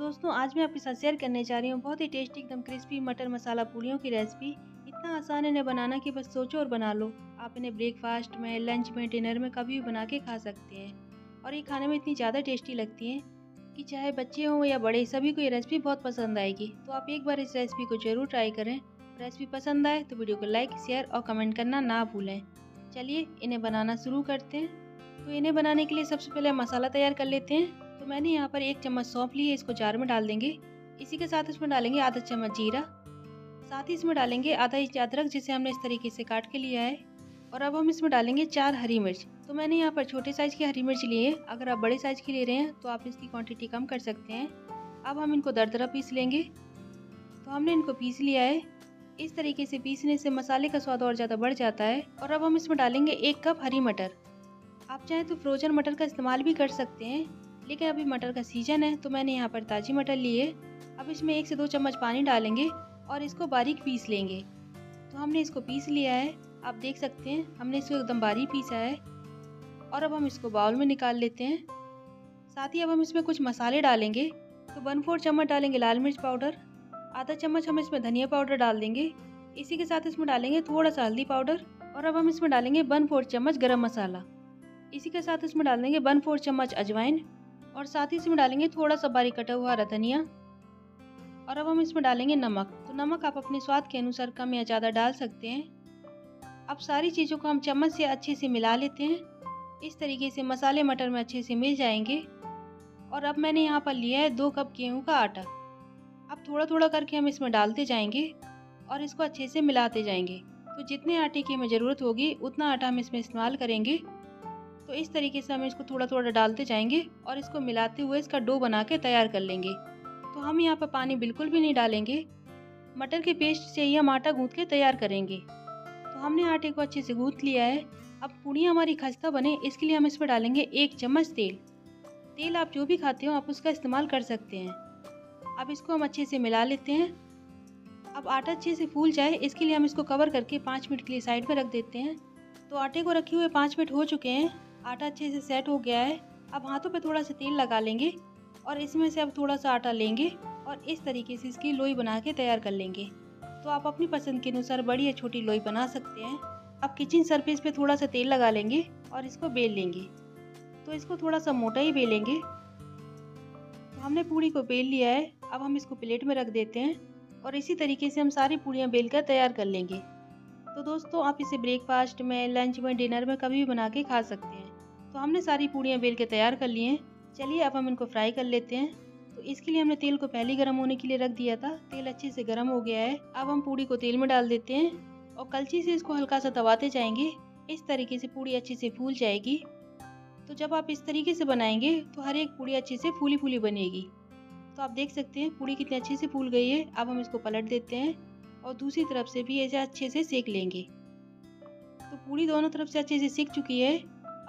दोस्तों आज मैं आपके साथ शेयर करने जा रही हूँ बहुत ही टेस्टी एकदम क्रिस्पी मटर मसाला पूड़ियों की रेसिपी इतना आसान है इन्हें बनाना कि बस सोचो और बना लो आप इन्हें ब्रेकफास्ट में लंच में डिनर में कभी भी बना के खा सकते हैं और ये खाने में इतनी ज़्यादा टेस्टी लगती हैं कि चाहे बच्चे हों या बड़े सभी को ये रेसिपी बहुत पसंद आएगी तो आप एक बार इस रेसिपी को ज़रूर ट्राई करें रेसिपी पसंद आए तो वीडियो को लाइक शेयर और कमेंट करना ना भूलें चलिए इन्हें बनाना शुरू करते हैं तो इन्हें बनाने के लिए सबसे पहले मसाला तैयार कर लेते हैं तो मैंने यहाँ पर एक चम्मच सौंप ली है इसको जार में डाल देंगे इसी के साथ इसमें डालेंगे आधा चम्मच जीरा साथ ही इसमें डालेंगे आधा इंच अदरक जिसे हमने इस तरीके से काट के लिया है और अब हम इसमें डालेंगे चार हरी मिर्च तो मैंने यहाँ पर छोटे साइज़ की हरी मिर्च लिए हैं अगर आप बड़े साइज़ की ले रहे हैं तो आप इसकी क्वांटिटी कम कर सकते हैं अब हम इनको दरदरा पीस लेंगे तो हमने इनको पीस लिया है इस तरीके से पीसने से मसाले का स्वाद और ज़्यादा बढ़ जाता है और अब हम इसमें डालेंगे एक कप हरी मटर आप चाहें तो फ्रोजन मटर का इस्तेमाल भी कर सकते हैं ठीक अभी मटर का सीजन है तो मैंने यहाँ पर ताज़ी मटर ली है अब इसमें एक से दो चम्मच पानी डालेंगे और इसको बारीक पीस लेंगे तो हमने इसको पीस लिया है आप देख सकते हैं हमने इसको एकदम बारीक पीसा है और अब हम इसको बाउल में निकाल लेते हैं साथ ही अब हम इसमें कुछ मसाले डालेंगे तो वन फोर चम्मच डालेंगे लाल मिर्च पाउडर आधा चम्मच हम इसमें धनिया पाउडर डाल देंगे इसी के साथ इसमें डालेंगे थोड़ा सा हल्दी पाउडर और अब हम इसमें डालेंगे वन फोर चम्मच गरम मसाला इसी के साथ इसमें डाल देंगे वन फोर चम्मच अजवाइन और साथ ही इसमें डालेंगे थोड़ा सा बारीक कटा हुआ हरा धनिया और अब हम इसमें डालेंगे नमक तो नमक आप अपने स्वाद के अनुसार कम या ज़्यादा डाल सकते हैं अब सारी चीज़ों को हम चम्मच से अच्छे से मिला लेते हैं इस तरीके से मसाले मटर में अच्छे से मिल जाएंगे और अब मैंने यहाँ पर लिया है दो कप गेहूँ का आटा अब थोड़ा थोड़ा करके हम इसमें डालते जाएंगे और इसको अच्छे से मिलाते जाएंगे तो जितने आटे की हमें ज़रूरत होगी उतना आटा हम इसमें इस्तेमाल करेंगे तो इस तरीके से हम इसको थोड़ा थोड़ा डालते जाएंगे और इसको मिलाते हुए इसका डो बना के तैयार कर लेंगे तो हम यहाँ पर पानी बिल्कुल भी नहीं डालेंगे मटर के पेस्ट से ही हम आटा गूँथ के तैयार करेंगे तो हमने आटे को अच्छे से गूँथ लिया है अब पूड़ियाँ हमारी खस्ता बने इसके लिए हम इस पर डालेंगे एक चम्मच तेल तेल आप जो भी खाते हो आप उसका इस्तेमाल कर सकते हैं अब इसको हम अच्छे से मिला लेते हैं अब आटा अच्छे से फूल जाए इसके लिए हम इसको कवर करके पाँच मिनट के लिए साइड पर रख देते हैं तो आटे को रखे हुए पाँच मिनट हो चुके हैं आटा अच्छे से सेट हो गया है अब हाथों पे थोड़ा सा तेल लगा लेंगे और इसमें से अब थोड़ा सा आटा लेंगे और इस तरीके से इसकी लोई बना के तैयार कर लेंगे तो आप अपनी पसंद के अनुसार बड़ी या छोटी लोई बना सकते हैं अब किचन सरफेस पे थोड़ा सा तेल लगा लेंगे और इसको बेल लेंगे तो इसको थोड़ा सा मोटा ही बेलेंगे तो हमने पूड़ी को बेल लिया है अब हम इसको प्लेट में रख देते हैं और इसी तरीके से हम सारी पूड़ियाँ बेल कर तैयार कर लेंगे तो दोस्तों आप इसे ब्रेकफास्ट में लंच में डिनर में कभी भी बना के खा सकते हैं तो हमने सारी पूड़ियाँ बेल के तैयार कर लिए हैं चलिए अब हम इनको फ्राई कर लेते हैं तो इसके लिए हमने तेल को पहले गर्म होने के लिए रख दिया था तेल अच्छे से गर्म हो गया है अब हम पूड़ी को तेल में डाल देते हैं और कलची से इसको हल्का सा दबाते जाएंगे इस तरीके से पूड़ी अच्छे से फूल जाएगी तो जब आप इस तरीके से बनाएंगे तो हर एक पूड़ी अच्छे से फूली फूली बनेगी तो आप देख सकते हैं पूड़ी कितनी अच्छे से फूल गई है अब हम इसको पलट देते हैं और दूसरी तरफ से भी ऐसे अच्छे से सेक लेंगे तो पूड़ी दोनों तरफ से अच्छे से सेक चुकी है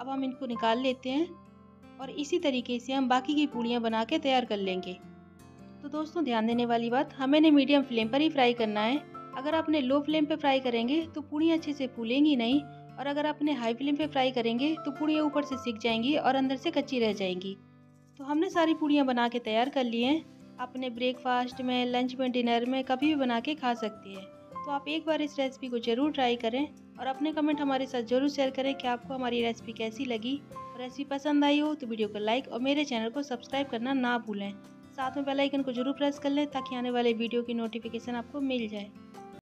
अब हम इनको निकाल लेते हैं और इसी तरीके से हम बाकी की पूड़ियाँ बना के तैयार कर लेंगे तो दोस्तों ध्यान देने वाली बात हमें ने मीडियम फ्लेम पर ही फ्राई करना है अगर आपने लो फ्लेम पर फ्राई करेंगे तो पूड़ियाँ अच्छे से फूलेंगी नहीं और अगर आपने हाई फ्लेम पर फ्राई करेंगे तो पूड़ियाँ ऊपर से सीख जाएंगी और अंदर से कच्ची रह जाएंगी तो हमने सारी पूड़ियाँ बना के तैयार कर ली हैं अपने ब्रेकफास्ट में लंच में डिनर में कभी भी बना के खा सकती है तो आप एक बार इस रेसिपी को ज़रूर ट्राई करें और अपने कमेंट हमारे साथ ज़रूर शेयर करें कि आपको हमारी रेसिपी कैसी लगी और रेसिपी पसंद आई हो तो वीडियो को लाइक और मेरे चैनल को सब्सक्राइब करना ना भूलें साथ में बेल आइकन को जरूर प्रेस कर लें ताकि आने वाले वीडियो की नोटिफिकेशन आपको मिल जाए